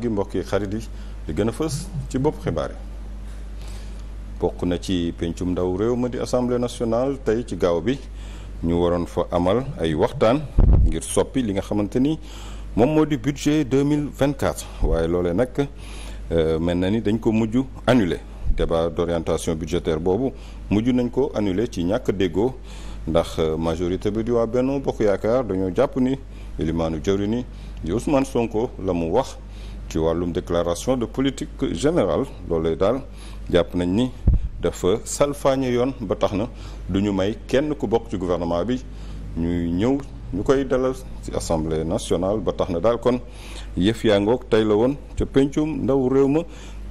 gi mbokk yi xarit yi li gën a fës ci bopp xibaar yi bokk na ci pencum ndaw réew ma di assemblée nationale tey ci gaaw bi ñu waroon fa amal ay waxtaan ngir soppi li nga xamante ni moom moo di budget 2024 waaye loolee nag euh, mel na ni dañ ko mujj annulé débat d'orientation budgétaire boobu mujj nañ ko annulé ci ñàkk déggoo ndax euh, majorité bi di waa Benno Bokk Yaakaar dañoo jàpp ni élimaanu jawri ni di Sonko la mu wax ci wàllum déclaration de politique générale loolee daal jàpp nañ ni dafa salfaañe yoon ba tax na du ñu may kenn ku bokk ci gouvernement bi ñuy ñëw ñu koy dalal ci assemblée nationale ba tax na daal kon yëf yaa ngoog tey la woon ca péncum ndaw réew ma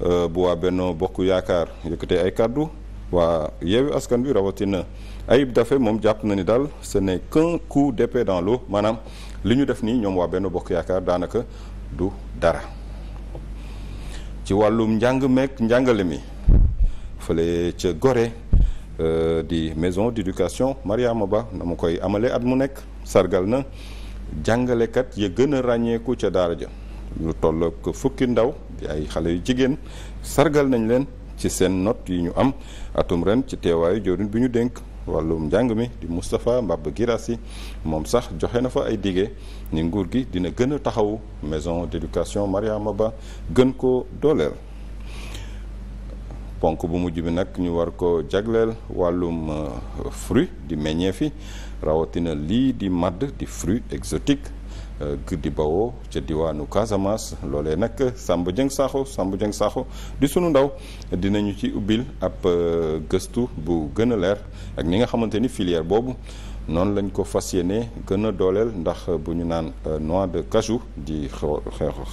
euh, bu waa benn Bokk Yaakaar yëkkatee ay kàddu waa Yewwi Askan Wi rawatina Ayib Daffé moom jàpp nañ ni daal ce n'est qu'un coup d'épée dans maanaam li ñu def nii ñoom waa Benno Bokk Yaakaar daanaka du dara ci wàllum njàng meek njàngale mi fële ca Gorée euh, di maison d'éducation Mariama Ba na mu koy amalee at mu nekk sargal na jàngalekat ya gën a ràññeeku ca daara ja lu toll ak fukki ndaw di ay xale yu jigéen sargal nañ leen ci seen not yi ñu am atum ren ci teewaayu joorin bi ñu dénk wàllum njàng mi di Moustapha Mbaba Guirassi moom sax joxe na fa ay dige ni nguur gi dina gën a taxawu maison d'éducation Mariama Ba gën ko dooleel ponk bu mujj bi nag ñu war ko jagleel wàllum euh, fruit di meññeef fi rawatina lii di màdd di fruit exotique guddi bawoo ca diwaanu Casamance loolee nag Samba Dieng Sakho Samba Dieng Sakho di sunu ndaw dinañu ci ubbil ab euh, gëstu bu gën a leer ak ni nga xamante ni filière boobu noonu lañ ko fas yéene gën a dooleel ndax bu ñu naan euh, noix de cajou di xeexu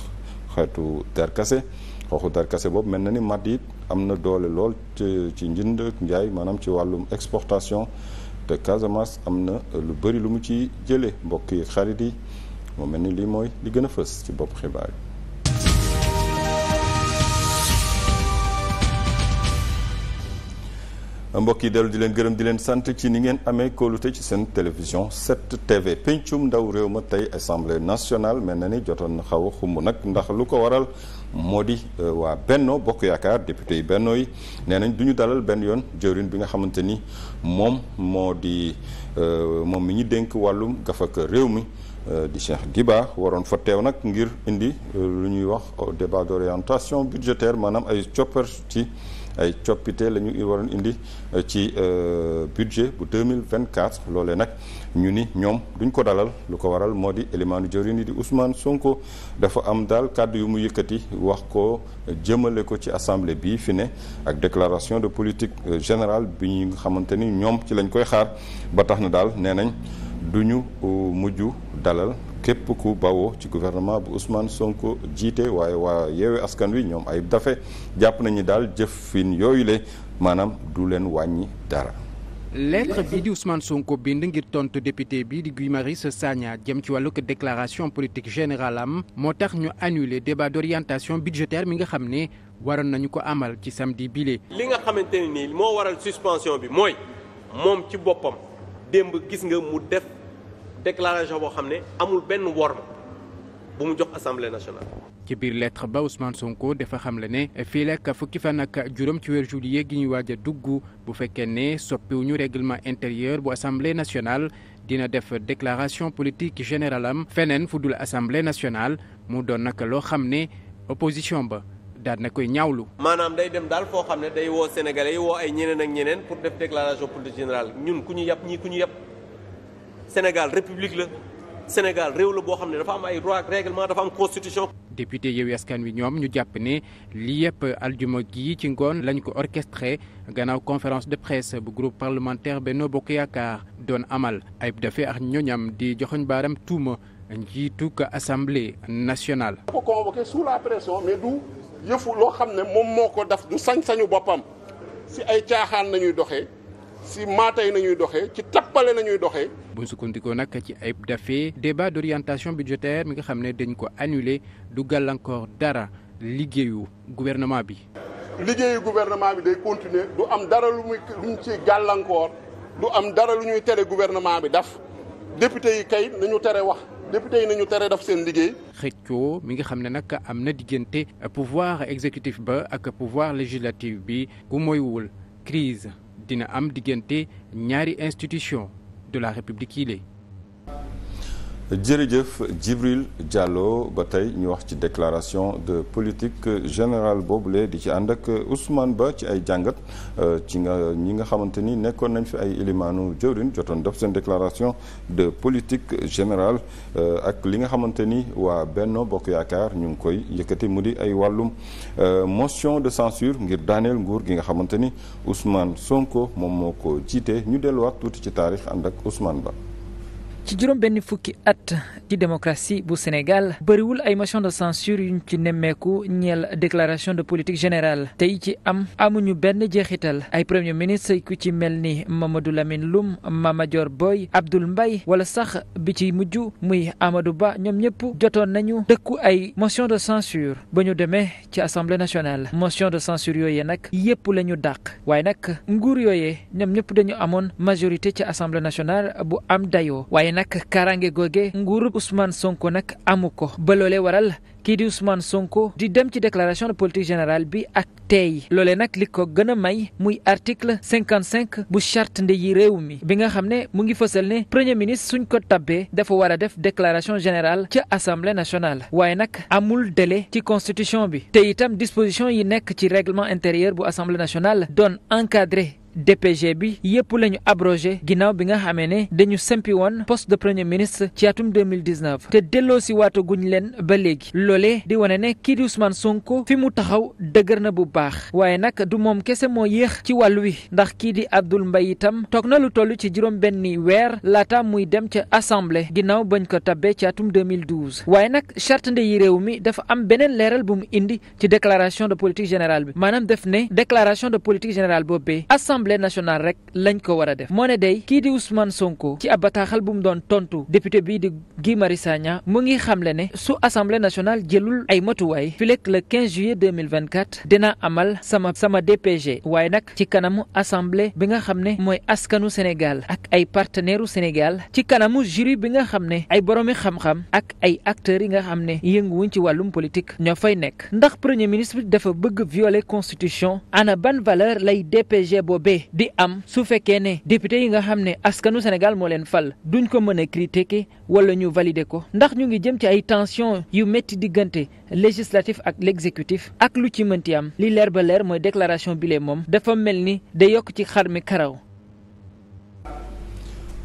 xeetu derkase xooxu darkase boobu mel na ni matt it am na doole lool ci njënd ak njaay maanaam ci wàllum exportation te Casamance am na lu bëri lu mu ci jëlee mbokk yi xarit yi moo mel ni lii mooy li gën a fës ci bopp xibaar yi. mbokk yi dellu di leen gërëm di leen sant ci ni ngeen amee kóolute ci seen télévision 7TV pencum ndaw réew ma tey assemblée nationale mel na ni jotoon na xaw a xumb nag ndax lu ko waral moo di euh, waa Benno Bokk Yaakaar député yi Benno yi nee nañ du ñu dalal benn yoon jëwriñ bi nga xamante ni moom moo di euh, moom mi ñu dénk wàllum gafaka réew mi. Euh, di Cheikh Diba waroon fa teew nag ngir indi euh, lu ñuy wax euh, débat d'orientation budgétaire maanaam ay coppar ci ay coppite la ñu waroon indi ci budget bu 2024 loolee nag ñu ni ñoom duñ ko dalal lu ko waral moo di élimaanu jawriñ di Ousmane sunko dafa am daal kàddu yu mu yëkkati wax ko jëmale ko ci assemblée bii fi ne ak déclaration de politique générale bi ñu nga xamante ni ñoom ci lañ koy xaar ba tax na daal nee nañ du ñu mujj dalal képp ku bawoo ci gouvernement bu Ousmane Sonko jiite waaye waa yeewe askan wi ñoom ay dafe jàpp nañu daal jëf jëfin yooyu le maanaam du leen wàññi dara. lettre bii di Ousmane Sonko bind ngir tontu député bi di Guy Marius Sagna jëm ci wàllug déclaration politique générale am moo tax ñu annuler débat d'orientation budgétaire mi nga xam ne waroon nañu ko amal ci samedi bile. li nga xamante ne nii moo waral suspension bi mooy moom ci boppam démb déclaration boo xam ne amul benn worma bu mu jox assemblée nationale. ci biir lettre ba Ousmane Sonko dafa xam xamle ne fii lekk fukki fan ak juróom ci weer juillet gi ñuy waaj dugg bu fekkee ne soppiwuñu règlement intérieur bu assemblée nationale dina def déclaration politique générale am feneen fu dul assemblée nationale mu doon naka loo xam ne opposition ba daal na koy ñaawlu. maanaam day dem daal foo xam ne day woo sénégalais yi woo ay ñeneen ak ñeneen pour Sénégal république la Sénégal réew la boo xam ne dafa am ay droit règlement dafa am constitution. député Yewwi Askan Wi ñoom ñu jàpp ne li yëpp aljuma gii ci ngoon lañ ko orchestré gannaaw conférence de presse bu groupe parlementaire Benno Bokk Yaakaar doon amal ayib dafe ak ñoñam di joxoñ baaram tuuma njiitu ko assemblée nationale. ko convoqué sous la pression mais du yëfu loo xam ne moom moo ko def du sañ-sañu boppam si ay caaxaan nañuy doxee. si maatay nañuy doxee ci tappale nañuy doxee. bu ñu sukkandikoo nag ci ayib dafee débat d' orientation budgétaire mi nga xam ne dañ ko annulé du gàllankoor dara liggéeyu gouvernement bi. liggéeyu gouvernement bi day continuer du am dara lu muy lu am dara lu ñuy tere gouvernement bi daf député yi kay nañu tere wax. député yi nañu tere def seen liggéey. xëccoo mi nga xam ne nag am na diggante pouvoir exécutif ba ak pouvoir législatif bi ku moywul crise dina am diggante ñaari institution de la république yi jërëjëf Djibril Diallo ba tey ñu wax ci déclaration de politique générale boobule di ci ànd ak Ousmane Ba ci ay jàngat euh, ci nga ñi nga xamante ni nekkoon nañ fi ay ilimaanu jëwrin jotoon def seen déclaration de politique générale euh, ak li nga xamante ni waa Benno Bokk Yaakaar ñu ngi koy yëkkati mu di ay wàllum euh, motion de censure ngir daaneel nguur gi nga xamante ni Ousmane Sonko moom moo ko jiitee ñu delluwaat tuuti ci taarix ànd ak Ousmane Ba. ci juróom benn fukki at ci démocratie bu Sénégal bariwul ay motion de censure yuñ ci nemmeeku ñeel déclaration de politique générale tey ci am amuñu benn jeexital ay premier ministre ku ci mel ni Mamadou Lamine Loum Mama Dior Boy Abdoul mbay wala sax bi ci mujj muy amadu Ba ñoom ñëpp jotoon nañu dëkku ay motion de censure ba ñu demee ci assemblée nationale motion de censure yooyee nag yëpp la ñu dàq waaye nag nguur yooyee ñoom ñëpp dañu amoon majorité ci assemblée nationale bu am dayoo nag kaaraange googe nguurub Ousmane Sonko nag amu ko ba loolee waral kii di Ousmane Sonko di dem ci déclaration de politique général bi ak tey loole nag li ko gën a may muy article cinquante cinq bu charte nde yi réew mi bi nga xam ne mu ngi fësal ne premier ministre suñ ko tabbee dafa war a def déclaration général ca assemblée nationale waaye nag amul dele ci constitution bi te itam disposition yi nekk ci règlement intérieur bu assemblée nationale doon encadré DPG bi yépp la ñu abrogé ginnaaw bi nga xamee ne dañu sempi woon poste de premier ministre ci atum 2019 te delloo si waatu leen ba léegi loolee di wane ne kii di Ousmane Sonko fi mu taxaw dëgër na bu baax waaye nag du moom kese moo yéex ci wàll wi ndax kii di Abdoul mbay itam toog na lu toll ci juróom benni weer laata muy dem ca assemblée ginnaaw bañ ko tabbee ci atum 2012 waaye nag charte ndeyi réew mi dafa am beneen leeral bu mu indi ci déclaration de politique générale bi maanaam ne déclaration de politique générale boobee assemblée assemblée nationale rek lañ ko war a def moo ne day kii di Ousmane Sonko ci ab bataaxal bu mu doon tontu député bii di Guy Marius Sagna mu ngi xamle ne su assemblée nationale jëlul ay matuwaay fileeg le 15 juillet 2024 dina amal sama sama DPG waaye nag ci kanamu assemblée bi nga xam ne mooy askanu Sénégal ak ay partenaires u Sénégal ci kanamu jury bi nga xam ne ay boromi xam-xam ak ay acteurs yi nga xam ne yënguwuñ ci wàllum politique ñoo fay nekk ndax premier ministre dafa bëgg violer constitution di am su fekkee ne député yi nga xam ne askanu Sénégal moo leen fal duñ ko mën a critiquer wala ñu valider ko ndax ñu ngi jëm ci ay tension yu métti diggante législatif ak l'exécutif ak lu ci mënti am li leer ba leer mooy déclaration bile moom dafa mel ni da yokk ci xar mi karaw.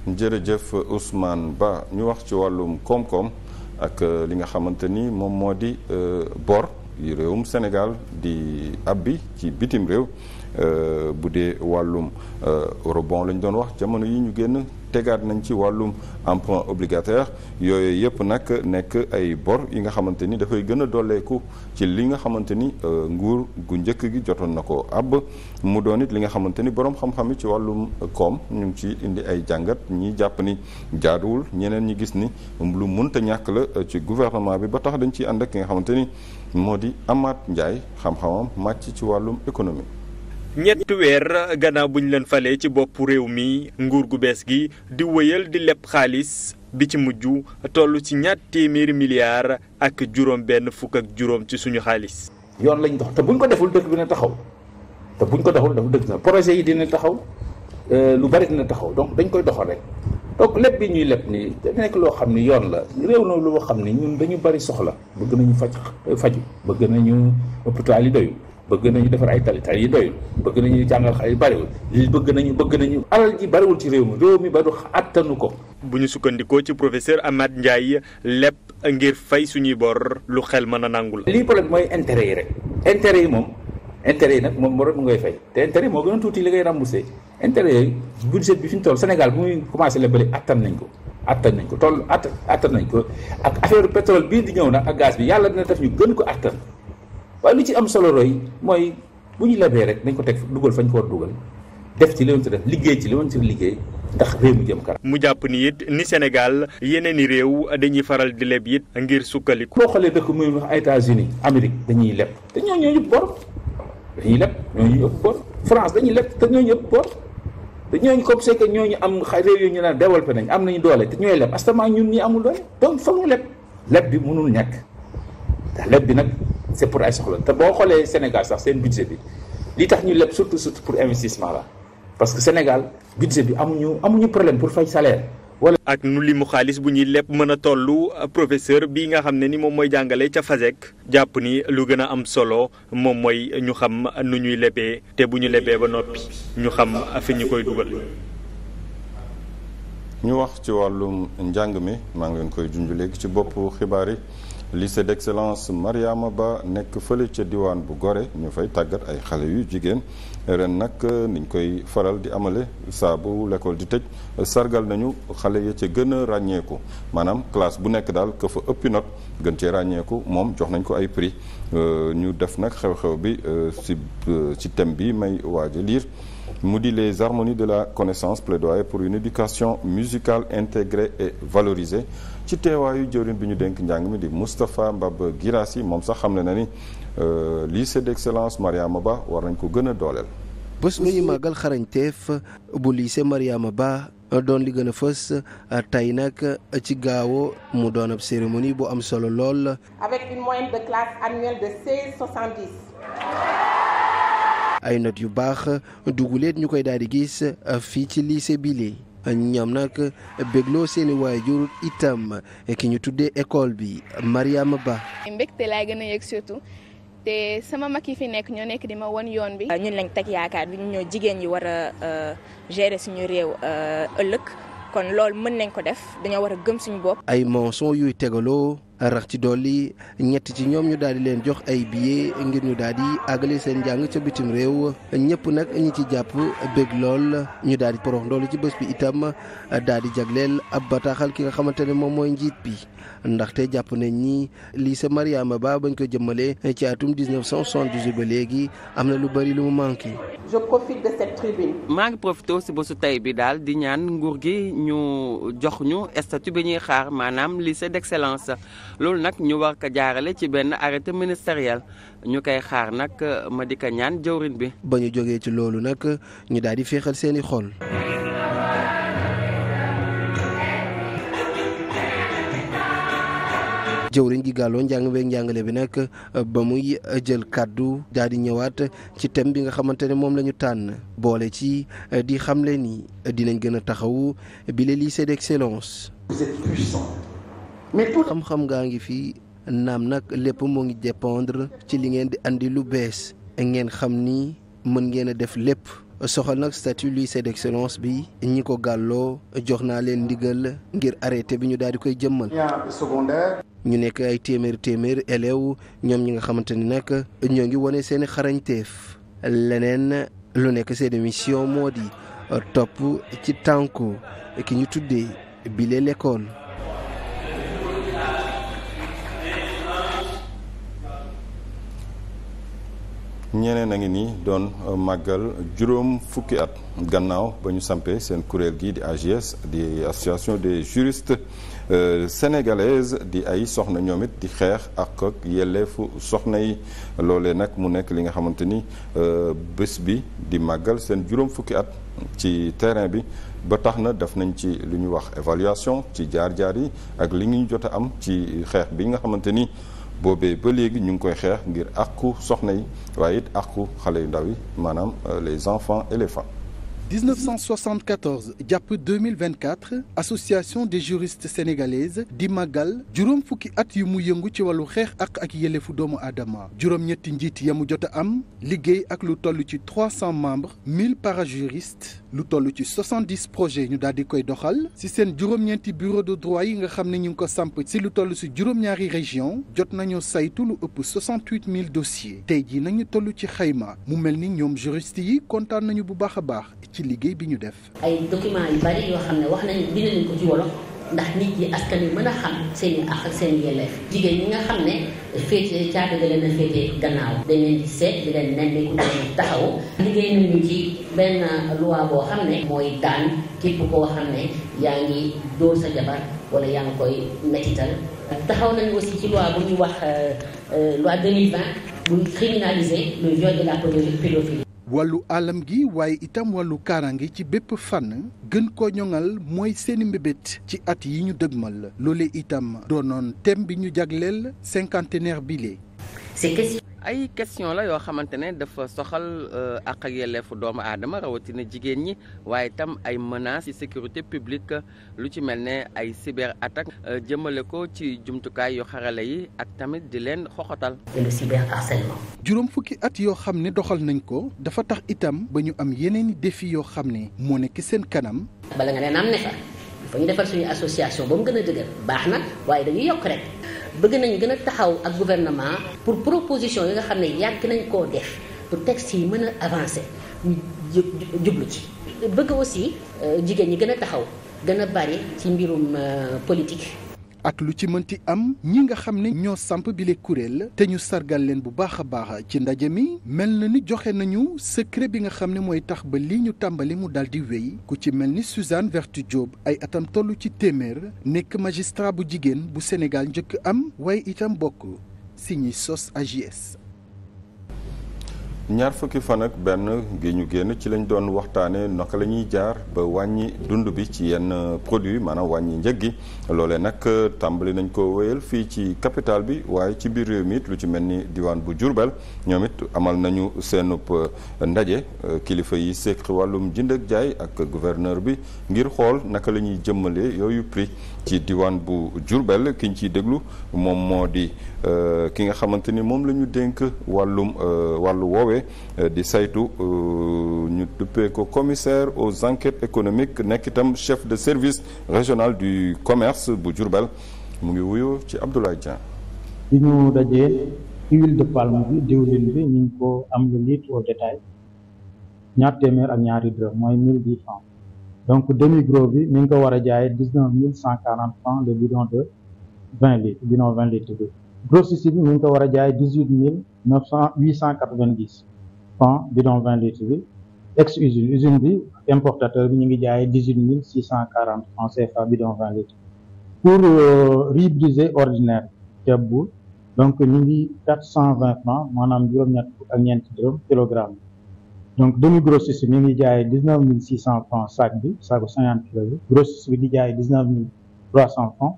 jërëjëf Ousmane Ba ñu wax ci wàllum koom-koom ak euh, li nga xamante ni moom moo di euh, bor yi réewum Sénégal di abbi ci bitim réew. Euh, bu dee wàllum euh, rebond la ñu doon wax jamono yi ñu génn tegaat nañ ci wàllum emprunt obligataire yooyu yëpp nag nekk ay bor yi nga xamante ni dafay gën a dolleeku ci li nga xamante ni euh, nguur gu njëkk gi jotoon na ko ab mu doon it li nga xamante ni boroom xam-xam yi ci wàllum koom ñu ngi ci indi ay jàngat ñi jàpp ni jaaduwul ñeneen ñi gis ni lu mënta ñàkk la ci gouvernement bi ba tax dañ ciy ànd ak ki nga xamante ni moo di amaat Ndiaye xam-xamam màcc ci wàllum économie ñetti weer gannaaw bu ñu leen falee ci boppu réew mi nguur gu bees gi di wëyal di leb xaalis bi ci mujj toll ci ñaar téeméeri milliards ak juróom benn fukk ak juróom ci suñu xaalis. yoon lañu dox te buñ ko deful dëkk bi na taxaw te buñ ko deful dëkk na projet yi dina taxaw euh, lu bari dina taxaw donc dañ koy doxal rek donc lépp bi ñuy leb ni da nekk loo xam ni yoon la réew na loo xam ni ñun dañu bari soxla bëgg nañu faj faju bëgg nañu hôpital yi doyu bëgg nañu defar ay tali tali yi doyul bëgg nañu jàngal xale yi bariwul li bëgg nañu bëgg nañu alal ji bariwul ci réew mi réew mi ba du attanu ko bu ñu sukkandikoo ci professeur Amath Ndiaye lépp ngir fay suñuy bor lu xel mën a nangul lii problème mooy intérêt yi rek intérêt yi moom intérêt yi nag moom moo rek mu ngay fay te intérêt yi moo gën a tuuti li ngay remboursé intérêt yooyu budget bi fi ñu toll Sénégal bu muy commencé la bëri attan nañ ko attan nañ ko toll att attan nañ ko ak affaire pétrole bii di ñëw nag ak bi yàlla dina def ñu gën ko attan waaye lu ci am solo roy mooy bu ñu lebee rek dañ ko teg dugal fañ ko war dugal def ci li woon def liggéey ci li woon ci liggéey ndax réew mi jëm kanam. mu jàpp ni it ni Sénégal yeneen i réew dañuy faral di leb it ngir sukkandiku. boo xoolee dëkk muy wax États-Unis Amérique dañuy leb te ñooñu ñoo ñëpp bor dañuy leb ñooñu ëpp bor France dañuy leb te ñooñu ëpp bor te ko comme c'est que ñooñu am xa réew yi ñu naan développé nañ am nañu doole te ñooy leb astamaa ñun ñi amul doole donc fa mu leb leb bi mënul ñàkk bi nag c'est pour ay soxla te boo xoolee Sénégal sax seen budget bi li tax ñu leb surtout surtout pour investissement la parce que Sénégal budget bi amuñu amuñu problème pour fay salaire wala. ak nu limu xaalis bu ñuy leb mën a tollu professeur bii nga xam ne ni moom mooy jàngale ca FASEG jàpp ni lu gën a am solo moom mooy ñu xam nu ñuy lebee te bu ñu lebee ba noppi ñu xam a fi ñu koy dugal. ñu wax ci wàllum njàng mi maa ngi koy junj léegi ci boppu xibaar yi. lycée d'excellence Mariama Ba nekk fële ca diwaan bu gore ñu fay tàggat ay xale yu jigéen ren nag niñ koy faral di amale saa bu l'école di tëj sargal nañu xale ya ca gën a ràññeeku maanaam classe bu nekk daal ka fa ëppi not gën cee ràññeeku moom jox nañ ko ay prix euh, ñu def nag xew-xew bi ci euh, euh, ci thème bi may waaj a liir mu di les harmonies de la connaissance plaidoyer pour une éducation musicale intégrée et valorisée ci teewaayu jëwriñ bi ñu dénk njàng mi di Moustapha Mbab Guirassi moom sax xam ne na ni euh, lycée d'excellence Mariama Ba war nañ ko gën a dooleel. bés bu ñu màggal xarañteef bu lycée Mariama Ba doon li gën a fës tey nag ci gaawo mu doon ab cérémonie bu am solo lool. avec ay not yu baax duguleet ñu koy daal di gis fii ci lycée bi ñoom nag bégloo seeni waajur itam ki ñu tuddee école bi Mariama Ba. mbégte laa gën a yëg surtout te sama mag yi fi nekk ñoo nekk di ma won yoon bi. ñun lañ teg yaakaar bi ñu ñëw jigéen yi war a euh, gérer suñu réew euh, ëllëg kon loolu mën nañ ko def dañoo war a gëm suñu bopp. ay mensonges yuy tegaloo. rax ci dolli ñett ci ñoom ñu daal di leen jox ay billets ngir ñu daal di àggale seen njàng ca bitim réew ñëpp nag ñi ci jàpp bëgg lool ñu daal di porox ndoolu ci bés bi itam daal di jagleel ab bataaxal ki nga xamante ne moom mooy njiit bi ndaxte jàpp nañ ni lycée Mariama Ba bañ ko jëmmalee ci atum 1978 ba léegi am na lu bari lu mu manqué. je maa ngi profité si bésu tey bi daal di ñaan nguur gi ñu jox ñu statut bi ñuy xaar maanaam li lycée d'excellence loolu nag ñu war ko jaarale ci benn arrêté ministériel ñu koy xaar nag ma di ko ñaan jëwrin bi. ba ñu jógee ci loolu nag ñu daal di féexal seeni xol. jëwriñ gi gàlloo njàng beeg njàngale bi nag ba muy jël kàddu daal di ñëwaat ci thème bi nga xamante ne moom lañu tànn boole ci di xamle ni dinañ gën a taxawu bi le lycée d'excellence. vous êtes puissant. xam-xam ngaa ngi fi naam nag lépp moo ngi dépendre ci li ngeen di andi lu bees ngeen xam ni mën ngeen a def lépp. soxal nag statut lycée d'excellence bi ñi ko gàlloo jox naa leen ndigal ngir arrêté bi ñu daal di koy jëmmal. ñu nekk ay téeméer téeméer élèves ñoom ñi nga xamante ni nag ñoo ngi wane seen i xarañteef leneen lu nekk seen mission moo di topp ci tànku ki ñu tuddee bile lekkool ñeneen a ngi nii doon euh, màggal juróom fukki at gannaaw ba ñu sampee seen kuréel gi di AGS di association des juristes euh, sénégalaise di ay soxna ñoom it di xeex ak ak fu soxna yi loolee nag mu nekk li nga xamante ni euh, bés bi di màggal seen juróom fukki at ci terrain bi ba tax na def nañ ci lu ñu wax évaluation ci jaar-jaar yi ak li ñu jot a am ci xeex bi nga xamante ni boobee ba léegi ñu ngi koy xeex ngir àqu soxna yi waaye it àqu xale yu ndaw yi maanaam euh, les enfants et les 1974 jàpp 2024 association des juristes sénégalaises di màggal juróom fukki at yu mu yëngu ci wàllu xeex ak ak fu doomu aadama juróom-ñetti njiit ya mu jot a am liggéey ak lu toll ci 300 membres 1000 parajuristes lu toll ci 70 projets ñu daal di koy doxal si seen juróom-ñeenti bureau de droit yi nga xam ne ñu ngi ko samp ci lu toll si juróom-ñaari région jot nañu saytu lu ëpp 68000 dossiers tey jii nañu toll ci xayma mu mel ni ñoom juristes yi kontaan nañu bu baax a baax ci liggéey bi ñu def. ay documents yu bari yoo xam ne wax nañu bind nañu ko ci wolof ndax nit yi askan wi mën a xam seen ak seen yelleef jigéen ñi nga xam ne féete caada ga leen a féete gannaaw. dañ leen di seet di leen nemmi ku leen taxaw. liggéey nañu ci benn loi boo xam ne. mooy daan képp koo xam ne yaa ngi dóor sa jabar wala yaa ngi koy mettital taxaw nañu aussi ci loi bu ñuy wax euh, euh, loi 2020 buy criminaliser le viol de la pédophilie. wàllu alam gi waaye itam wàllu kaaraange ci bépp fànn gën ko ñoŋal mooy seeni mbébét ci at yi ñu dëgmal loole itam doonoon thème bi ñu jagleel cinquantenaire bile ay question la yoo xamante ne dafa soxal ak euh, ak yelleefu doomu aadama rawatina jigéen ñi waaye itam ay menaces ci sécurité publique lu ci mel ne ay cyber attaque euh, jëmmale ko ci jumtukaay yu xarale yi ak tamit di leen xoxotal. juróom fukki at yoo xam ne doxal nañ ko dafa tax itam ba ñu am yeneen défi yoo xam ne moo nekk seen kanam. bala nga ne naam ne fa fa ñu defal suñu association ba mu gën a dëgër baax na waaye dañuy yokk rek. bëgg nañ gën a taxaw ak gouvernement pour proposition yi nga xam ne yàgg nañ koo def pour texte yi mën a avancer jublu ci bëgg aussi euh, jigéen ñi gën a taxaw gën a bari ci mbirum euh, politique ak lu ci mënti am ñi nga xam ne ñoo samp bile kuréel te ñu sargal leen bu baax a baax ci ndaje mi mel na ni joxe nañu secret bi nga xam ne mooy tax ba lii ñu tàmbali mu dal di wéy ku ci mel ni Suzanne Vertu Diop ay atam toll ci téeméer nekk magistrat bu jigéen bu Sénégal njëkk am waaye itam bokk si ñi sos AJS ñaar fukki fan ak benn gi ñu génn ci lañ doon waxtaanee naka la ñuy jaar ba wàññi dund bi ci yenn produit maanaam wàññi njëg gi loolee nag euh, tàmbali nañ ko wéyal fii ci capital bi waaye ci biir réew mi it lu ci mel ni diwaan bu Jurbel ñoom it amal nañu seenub euh, ndaje euh, kilifa yi séq wàllum jënd ak jaay ak gouverneur bi ngir xool naka la ñuy jëmmalee yooyu prix ci diwaan bu Diourbel kiñ ñu ciy déglu moom moo di euh, ki nga xamante ni moom la ñu dénk wàllum euh, wàllu woowe euh, di saytu ñu duppee ko commissaire aux enquêtes économiques nekk itam chef de service régional du commerce bu Diourbel mu ngi wuyoo ci Abdoulaye Dieng. bi ñu dajee huile de palme bi diwlin bi ñu ngi ko am le litre au détail ñaar téeméer ak ñaari dërëm mooy donc demi gros bi mi ngi ko war a jaayee dix-neuf cent quarante francs le bidon de vingt litres bidon vingt litres bi grossiste bi ngi ko war a jaay dix-huit mille neuf cent huit cent quatre-vingt-dix francs bidon vingt litres bi ex usine usine bi importateur bi ñu ngi jaayee dix-huit mille six cent quarante francs CFA bidon vingt litres pour euh, riz brisé ordinaire ceeb bu donc ñu ngi quatre cent vingt francs maanaam juróom ak ñeent dërëm kilogramme donc demi-grossiste mi ngi jaayee dix neuf mille six bi saaku cinquante kilos bi grossiste bi di jaaye dix neuf mille trois cent franc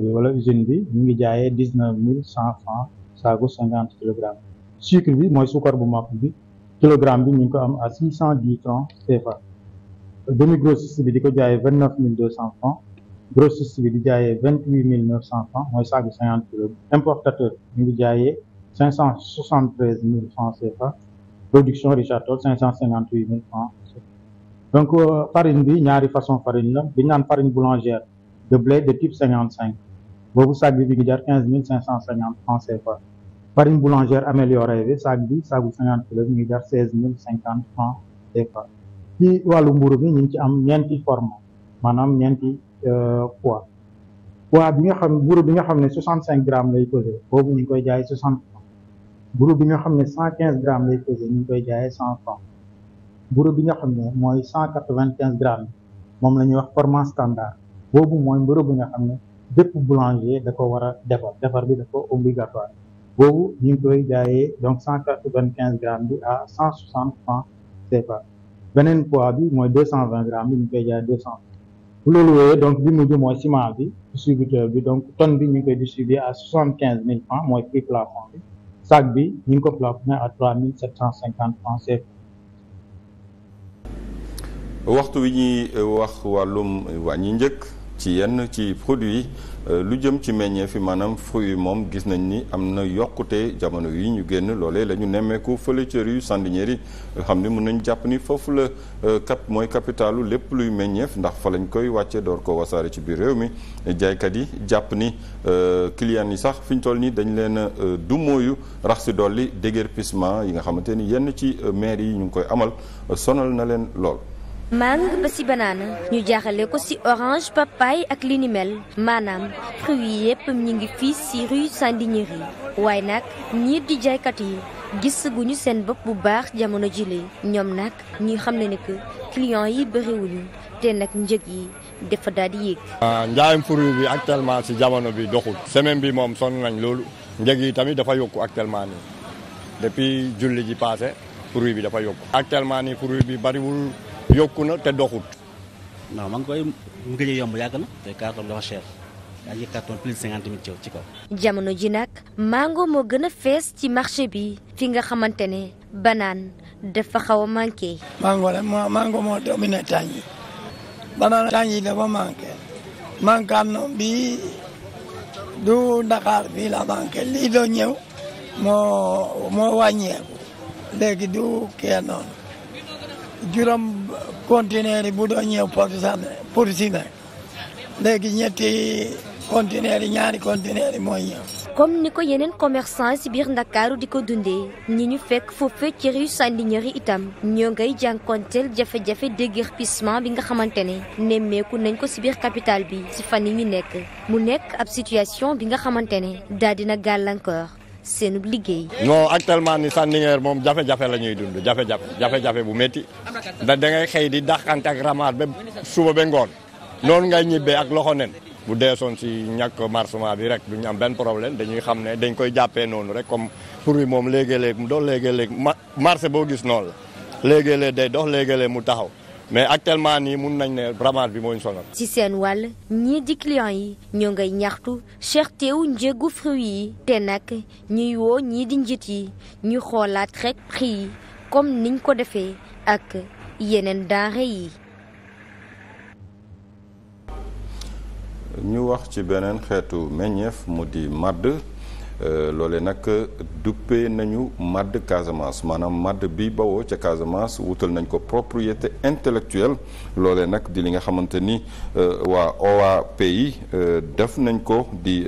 bi wala usine bi mi ngi jaayee dix neuf mille cent franc saaku cinquante kilogramme sucre bi mooy suukar bu mokk bi kilogramme bi ñu ngi ko am à six cent dix franc CFA demi-grossiste bi di ko jaayee vingt neuf mille deux cent franc grossiste bi di jaayee vingt huit mille neuf cent franc mooy saaku cinquante kilos bi importateur mi ngi jaayee cinq cent soixante treize mille franc CFA production Richard Toll cinq donc euh, farine bi ñaari façon farine la bi ñu naan farine boulangère de blé de type cinquante cinq boobu saag bi bi ngi jar quinze mille cinq cent cinquante francs CFA farine boulangère améliorée bi saag bi saagu cinquante kilos bi ngi jar seize mille cinquante francs CFA ci wàllu mburu bi ñu ngi ci am ñeenti forme maanaam ñeenti euh, poids poids bi nga xam mburu bi nga xam ne soixante cinq grammes lay pesé boobu ñu ngi koy jaay soixante guro bi nga xam ne cent quinze grammes lay pesé ñu ngi koy jaayee cent franc guro bi nga xam ne mooy cent quatre vingt quinze grammes moom la ñuy wax format standard boobu mooy mburu bi nga xam ne bépp boulanger da ko war a defar defar bi da ko obligatoire boobu ñu ngi koy jaayee donc cent quatre vingt quinze grammes bi à cent soixante franc CFA beneen poids bi mooy deux cent vingt grammes bi ñu koy jaayee deux cent bu loolu wooyee donc bi mujj mooy ciment bi distributeur bi donc tonne bi ñu ngi koy distribuer à soixante quinze mille francs mooy prix plafond bi sac bi ñu ngi ko plafonné à trois mille sept cent cinquante waxtu wi ñuy wax wàllum wàññi njëkk ci yenn ci produit Euh, lu jëm ci meññee fi maanaam fu yi moom gis nañ ni am na yokkute jamono yi ñu génn loolee lañu nemmeeku fële ca rue Sandiniéry nga xam ni mun nañ jàpp ni foofu la euh, cap mooy capitalu lépp luy meññeef ndax fa lañ koy wàcce door ko wasaare ci biir réew mi jaaykat yi jàpp ni euh, clients yi sax fi ñu toll nii dañ leen a dumóoyu rax si dolli déguerpissement yi nga xamante ni yenn ci maire yi ñu ngi koy amal sonal na leen lool mangue ba ci banaana ñu jaaxale ko ci orange papaye ak li ni mel maanaam fruit yi yépp ñu ngi fii ci rue Sandiniéry waaye nag ñii di jaaykat yi gis guñu seen bopp bu baax jamono jile ñoom nag ñi xam ne ne que yi bëriwuñu te nag njëg yi dafa daal di yéeg. Ah, njaayam fruit bi actuellement ci jamono bi doxul semaine bi moom sonn nañ loolu njëg yi tamit dafa yokku actuellement nii depuis julli ji passé fruit bi dafa yokk actuellement nii fruit bi bariwul. yokku te doxut. non maa ngi koy mu gëj a yomb yàgg na te carton dafa cher yaa ngi carton plus de cinquante ji nag mango moo gën a fees ci marché bi fi nga xamante ne banaan dafa xaw a manqué. mango la mango moo du Dakar bii la manqué lii doo ñëw moo moo wàññeeku du kee noonu. juróom conteneur bu doon ñëw porte sànni pour Sina léegi ñetti conteneur ñaari conteneur mooy ñëw. comme ni ko yeneen commerçant si biir ndakaaru di ko dundee ñi ñu fekk foofu ci rue Sandiniéry itam ñoo ngay jànkonteel jafe-jafe déguerpissement bi nga xamante ne nemmeeku nañ ko si biir capitale bi ci fan yi ñu nekk mu nekk ab situation bi nga xamante ne daal dina gàllankoor. seenub liggéey. no actuellement ni Sandingheer moom jafe-jafe la ñuy dund jafe-jafe jafe bu métti da dangay xëy di daxante ak ramaat ba suba ba ngoon noonu ngay ñibbee ak loxo nen. bu deesoon si ñàkk marchement bi rek du ñu am benn problème dañuy xam ne dañ koy jàppee noonu rek comme pour bi moom léegi-léeg mu dox léegi-léeg marché boo gis noonu la léegi-léeg day dox léegi-léeg mu taxaw. mais actuellement nii mun nañ ne ramage bi mooy ñu sonal. ci seen wàll ñii di clients yi ñu ngay ñaxtu chertéewu njëgu fruits yi te nag ñuy woo ñii di njit yi ñu xoolaat rekk prix yi comme niñ ko defee ak yeneen denrées yi. ñu wax ci beneen xeetu meññeef mu di màdd. Euh, loole nag duppee nañu madd Casamance maanaam madd bi bawoo ca Casamance wutal nañ ko propriété intellectuel loole nag di li nga xamante ni euh, waa OAPI euh, def nañ ko di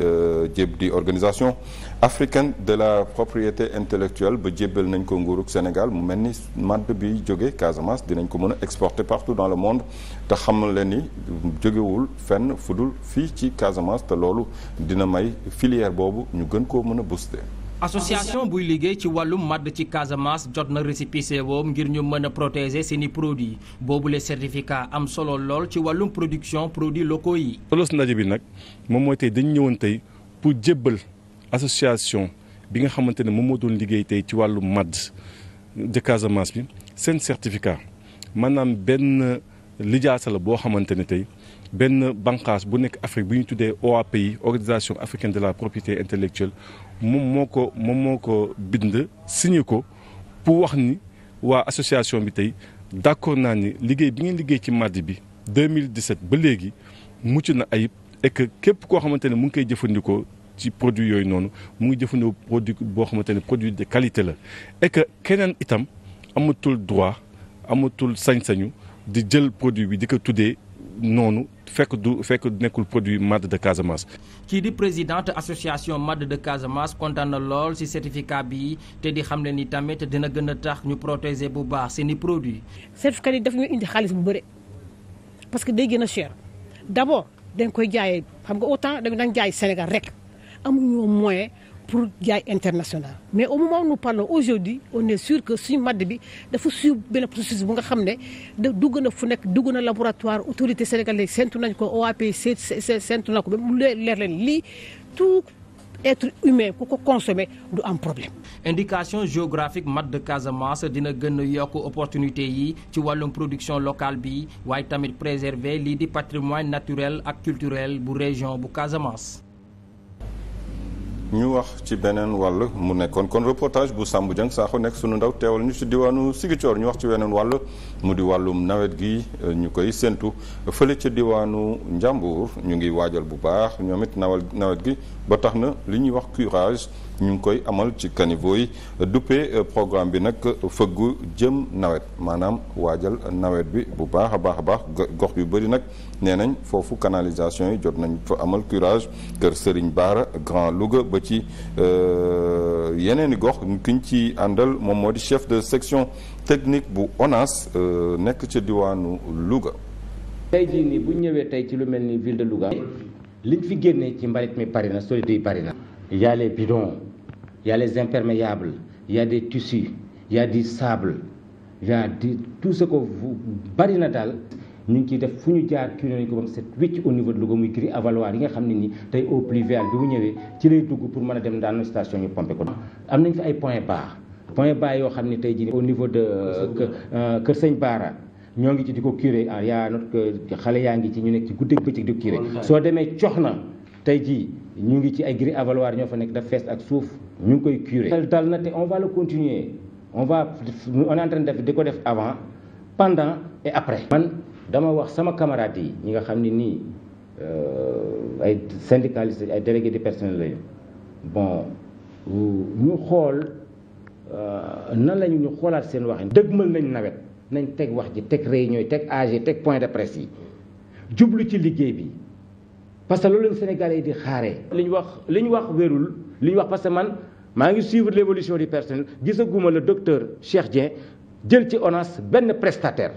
jéb di organisation africaine de la propriété intellectuelle ba jébbal nañ ko nguurug Sénégal mu mel ni madd bi jóge Casamance dinañ ko mën a exporter partout dans le monde te xam leen ni jógewul fenn fudul fii ci Casamance te loolu dina may filière boobu ñu gën koo mën a booster. association buy liggéey ci wàllum màdd ci Casamance jot na récépissé boobu ngir ñu mën a protéger seeni produits boobu les certificats am solo lool ci wàllum production produit locaux yi. solos ndaje bi nag moom mooy tey ñëwoon tey pour jébbal. association bi nga xamante ne moom moo doon liggéey tey ci wàllu màdd de Casamance bi seen certificat maanaam benn lijaasa la boo xamante ne tey benn banqaas bu nekk Afrique bi ñu tuddee OAPI organisation africaine de la propriété intellectuelle moom moo ko moom moo ko bind signé ko pour wax ni waa association bi tey d'accord naa ni liggéey bi ngeen liggéey ci MAD bi 2017 ba léegi mucc na ayib et képp koo xamante ne mu ngi koy jëfandikoo. ci produit yooyu noonu mu ngi jëfandikoo produit boo xamante ne produit de qualité la et que keneen itam amatul droit amatul sañ-sañu di jël produit bi di ko tuddee noonu fekk du fekk nekkul produit Madd de Casamance. kii di présidente association Madd de Casamance kontaan na lool ci certificat bi te di xam ne ni tamit dina gën a tax ñu protéger bu baax ni produit certificat yi daf ñu indi xaalis bu bëri parce que day gën a cher d'abord dañ koy jaayee xam nga autant dañ jaay Sénégal rek. amuñu moyen pour jaay international mais au moment où nous parlons aujourd'hui on est sûr que suñu madd bi dafa suivre benn processus bu nga xam ne da dugg na fu nekk dugg na laboratoire autorité sénégalaise séntu nañ ko OAP séntu na ko ba mu leer leen lii tout être humain ku ko consommer du am problème. indication géographique mat de Casamance dina gën a yokk opportunité yi ci wàllum production locale bi waaye tamit préserver lii di patrimoine naturel ak culturel bu région bu Casamance. ñu wax ci beneen wàll mu nekkoon kon reportage bu Sambou Dieng Sakho nekk sunu ndaw teewal ñu ci diwaanu Sigicoor ñu wax ci weneen wàll mu di wàllum nawet gi euh, ñu koy séentu fële ci diwaanu Njàmbur ñu ngi waajal bu baax ñoom it nawal nawet gi ba tax na li ñuy wax curage ñu ngi koy amal ci caniveau yi duppee euh, programme bi nag fëggu jëm nawet maanaam waajal nawet bi bu baax a baax a baax gox yu bëri nag nee nañ foofu canalisation yi jot nañ fa amal curage kër Serigne Bara Grand Louga ba ci euh, yeneen i gox kiñ ci àndal moom moo di chef de section technique bu ONAS euh, nekk ca diwaanu Louga. tey jii nii bu ñëwee tey ci lu mel ni ville de Louga. liñ fi génnee ci mbarit mi bari na solide yi bari na. y a les bidons y a les imperméables des tissus y di sable y di du tout ce que bari na daal ñu ngi ciy def fu ñu jaar kii nañ ko ba mu set wécc au niveau de Louga muy gris avaloir yi nga xam ne nii tey eau pluviale bi mu ñëwee ci lay dugg pour mën a dem daan station ñu pompé ko. am nañ fi ay point bas point bas yoo xam ne tey jii au niveau de euh, euh, Kër Sëñ Baara. ñoo ngi ci di ko curé ah yaa not que xale yaa ngi ci ñu nekk ci guddeeg bëccëg di ko curé soo demee cox na tey jii ñu ngi ci ay gris avaloir ñoo fa nekk daf fees ak suuf ñu ngi koy curé dal na te on va le continuer on va on est en train di ko def avant pendant et après man dama wax sama camarade yi ñi nga xam ne nii euh, ay syndicaliste ay délégué de personnel lañu bon ñu xool euh, nan lañu ñu xoolaat seen waxin mën nañ nawet nañ teg wax ji teg réunion yi teg AG teg point de presse yi jublu ci liggéey bi parce que loolu la Sénégalais yi di xaare li ñu wax li ñu wax wérul li ñu wax parce que man maa ngi suivre l' évolution du personnel gisaguma le docteur Cheikh Dieng jël ci ONAS benn prestataire.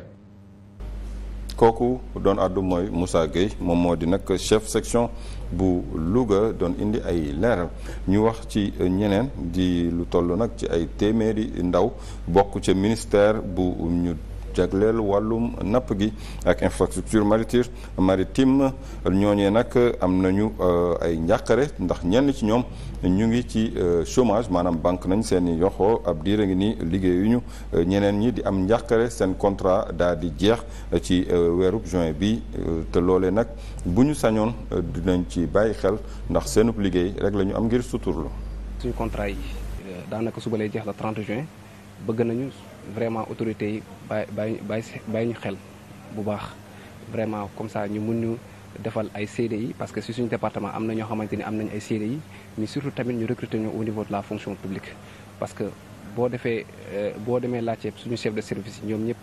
kooku doon àddu mooy Moussa Gueye moom moo di nag chef section bu Louga doon indi ay leeral ñu wax ci ñeneen di lu toll nag ci ay téeméeri ndaw bokk ca ministère bu ñu jagleel wàllum napp gi ak infrastructure maritime maritime ñooñee nag am nañu euh, ay njàqare ndax ñenn ci ñoom ñu ngi ci euh, chomage maanaam banque nañ seen i yoxoo ab diir a ngi ni liggéeyuñu ñeneen ñi di am njàqare seen contrat daal di jeex ci euh, weerub juin bi te loolee nag bu ñu sañoon dinañ ci bàyyi xel ndax seenub liggéey rek la ñu am ngir suturlu suñu contrat yi daanaka suba lay jeex la 30 juin bëgg nañu vraiment autorités yi bàyyi bàyyi bàyyi ñu xel bu baax vraiment comme ça ñu mun ñu defal ay CDI parce que si suñu département am na ñoo xamante ni am nañu ay CDI mais surtout tamit ñu recruter ñu au niveau de la fonction publique parce que boo defee euh, boo demee laajte suñu chef de service yi ñoom ñëpp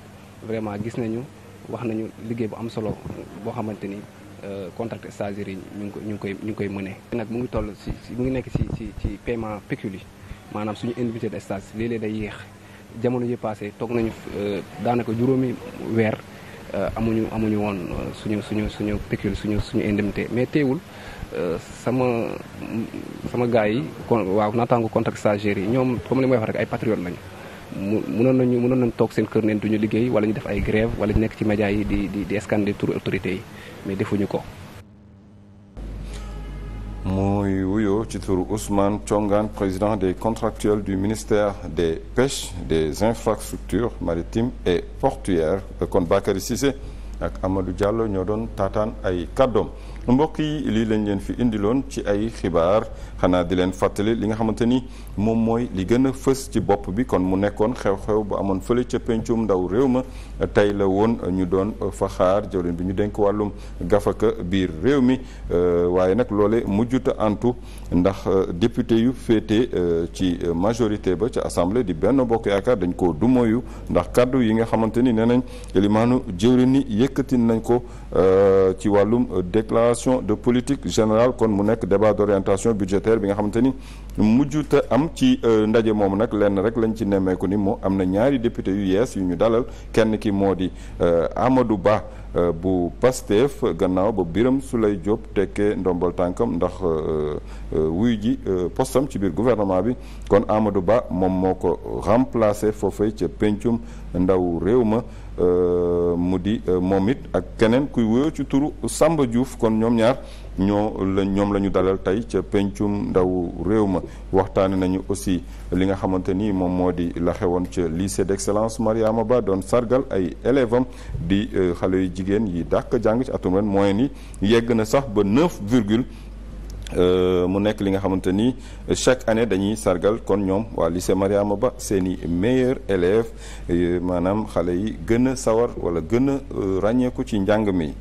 vraiment gis nañu wax nañu liggéey bu am solo boo xamante ni euh, contracté stagiaires yi ñu ngi koy ñu ngi koy mëne nag mu ngi toll si mu ngi nekk ci ci ci paiement pécule yi maanaam suñu indemnité de stage léeg day yéex jamono ji passé toog nañu euh, daanaka juróomi weer euh, amuñu amuñu woon euh, suñu suñu suñu pécule suñu suñu indemnité mais teewul sama sama gaa yi waaw naataango contact stagiaires yi ñoom comme li may wax rek ay patriotes lañu mu mënoon nañu munoon nañ toog seen kër neen duñu liggéey wala ñu def ay grève wala ñu nekk ci médias yi di di di scander turu yi mais defuñu ko muy wuyoo ci turu Ousmane Thiongan président des contractuels du ministère des pêches des infrastructures maritimes et portuaires kon Bakary Cissé ak Amadou Diallo ñoo doon taataan ay kàddoom mbokk yi lii lañ leen fi indiloon ci ay xibaar xanaa di leen fàttali li nga xamante ni moom mooy li gën a fës ci bopp bi kon mu nekkoon xew-xew bu amoon fële ca pencum ndaw réew ma tey la woon ñu doon fa xaar jawrin bi ñu dénk wàllum gafaka biir réew mi euh, waaye nag loole mujjuta antu ndax euh, député yu féete euh, ci majorité ba ca assemblée di benn bokk yaakaar dañ koo dumoyu ndax kàddu yi nga xamante ni nee nañ limaanu jawrin ni yëkkati nañ ko ci wàllum déclaration déclaration de politique générale kon mu nekk débat d'orientation budgétaire bi nga xamante ni mujjuta am ci euh, ndaje moomu nag lenn rek lañ ci nemmeeku ni moo am na ñaari député yu yees yu ñu dalal kenn ki moo di euh, Amadou Ba Euh, bu Pastef gannaaw ba Birame Souleye Diop tekkee ndombal tànkam ndax euh, euh, wuy ji postam ci biir gouvernement bi kon Amadou Ba moom moo ko remplacé foofee ca péncum ndaw réew ma mu di moom it ak keneen kuy wuyoo ci turu Samba Diouf kon ñoom ñaar ñoo la ñoom la ñu dalal tey ca pencum ndaw réew ma waxtaane nañu aussi li nga xamante ni moom moo di la xewoon ca lycée d'excellence Mariama Ba doon sargal ay élève di euh, xale yu jigéen yi dàq jàng ci atum ren moyenne yegg na sax ba 9 virgule Euh, mu nekk li nga xamante ni chaque année dañuy sargal kon ñoom waa lycée Mariama Ba seeni i meilleurs élèves euh, maanaam xale yi gën a sawar wala gën a euh, ràññeeku ci njàng mi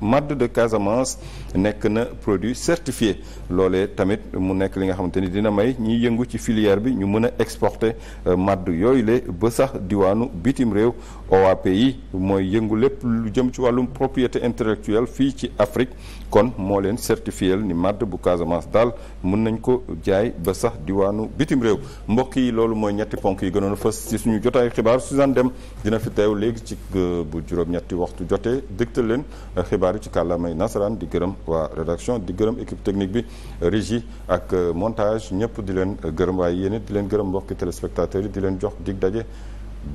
madd de Casamance nekk na produit certifié loole tamit mu nekk li nga xamante ni dina may ñiy yëngu ci filière bi ñu mën a exporter madd yooyu le ba sax diwaanu bitim réew OAP yi mooy yëngu lépp lu jëm ci wàllum propriété intellectuelle fii ci Afrique kon moo leen certifié ni madd bu Casamance daal mën nañ ko jaay ba sax diwaanu bitim réew mbokk yi loolu mooy ñetti ponk yi gënoon a fës ci suñu jotaayu xibaar Suzanne Dem dina fi teew léegi ci euh, bu juróom-ñetti waxtu jotee dégtal leen euh, xibaar yi ci kàllaamay nasaraan di gërëm waa rédaction di gërëm équipe technique bi euh, régie ak montage ñëpp di leen gërëm waaye yéen di leen gërëm mbokki téléspectateurs yi di leen jox dig daje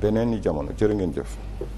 beneen i jamono jërë ngeen jëf